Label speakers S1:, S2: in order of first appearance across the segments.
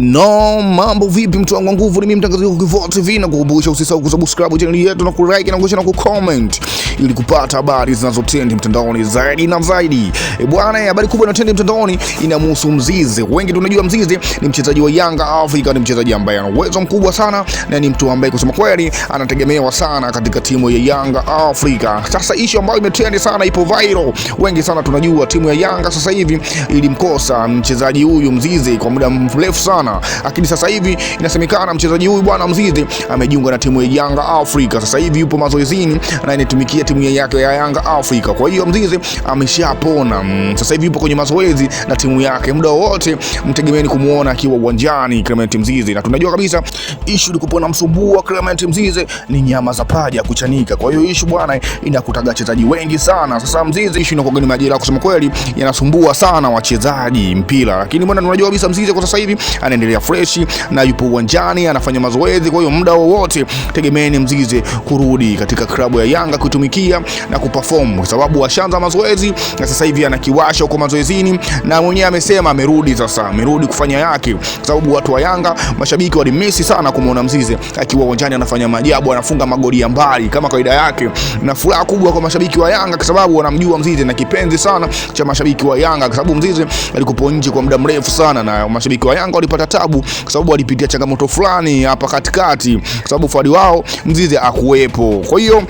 S1: No, mambo vipi mtu wangu nguvu, ni mimi mtangazaji wa Kivoo TV na kukumbusha usisahau kusubscribe channel yetu na kulike na kushare na kucomment ili kupata habari zinazotendi mtandaoni zaidi na zaidi. E bwana, habari kubwa inayotendi mtandaoni inamhusu Mzize. Wengi tunajua Mzize ni mchezaji wa Yanga Africa, ni mchezaji ambaye ana uwezo mkubwa sana na ni mtu ambaye kusema kweli anategemewa sana katika timu ya Yanga Africa. Sasa issue ambayo imetendi sana ipo viral. Wengi sana tunajua timu ya Yanga sasa hivi ilimkosa mchezaji huyu Mzize kwa muda mrefu sana sana, lakini sasa hivi inasemekana mchezaji huyu bwana Mzizi amejiunga na timu ya Yanga Afrika. Sasa hivi yupo mazoezini na inatumikia timu yake ya Yanga Afrika. Kwa hiyo Mzizi ameshapona, mm, sasa hivi yupo kwenye mazoezi na timu yake, muda wote mtegemeeni kumuona akiwa uwanjani Clement Mzizi. na tunajua kabisa issue ni kupona msumbua Clement Mzizi ni nyama za paja kuchanika. Kwa hiyo issue bwana inakutaga wachezaji wengi sana. Sasa Mzizi issue inakuwa ni majira, kusema kweli yanasumbua sana wachezaji mpira, lakini bwana tunajua kabisa Mzizi kwa sasa hivi ana anaendelea freshi na yupo uwanjani anafanya mazoezi. Kwa hiyo muda wowote tegemeeni Mzize kurudi katika klabu ya Yanga kuitumikia na kuperform, kwa sababu ashaanza mazoezi na sasa hivi anakiwasha huko mazoezini, na mwenyewe amesema amerudi sasa, amerudi kufanya yake, kwa sababu watu wa Yanga mashabiki walimisi sana kumuona Mzize akiwa uwanjani anafanya maajabu, anafunga magoli ya mbali kama kawaida yake, na furaha kubwa kwa mashabiki wa Yanga kwa sababu wanamjua Mzize na kipenzi sana cha mashabiki wa Yanga kwa sababu Mzize alikupo nje kwa muda mrefu sana na mashabiki wa Yanga walipata kupata tabu kwa sababu walipitia changamoto fulani hapa katikati, kwa sababu fadi wao Mzize akuwepo, kwa hiyo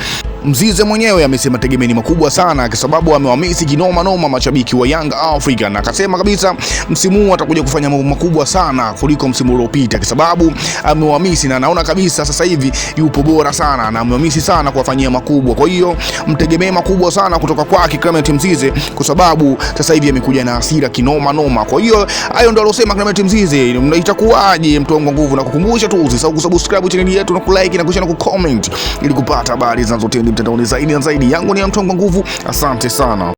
S1: Mzize mwenyewe amesema tegemeni makubwa sana, kwa sababu amewamisi kinoma noma mashabiki wa Young Africa, na akasema kabisa msimu huu atakuja kufanya mambo makubwa sana kuliko msimu uliopita, kwa sababu amewamisi na anaona kabisa sasa hivi yupo bora sana na amewamisi sana kuwafanyia makubwa. Kwa hiyo mtegemee makubwa sana kutoka kwake Clement Mzize, kwa sababu sasa hivi amekuja na hasira kinoma noma. Kwa hiyo hayo ndio alosema Clement Mzize. Itakuwaje mtu wangu nguvu, na kukumbusha tu usisahau kusubscribe channel yetu na kulike na kushare na kucomment ili kupata habari zinazotendeka mtandaoni zaidi na zaidi. Yangu ni ya nguvu, asante sana.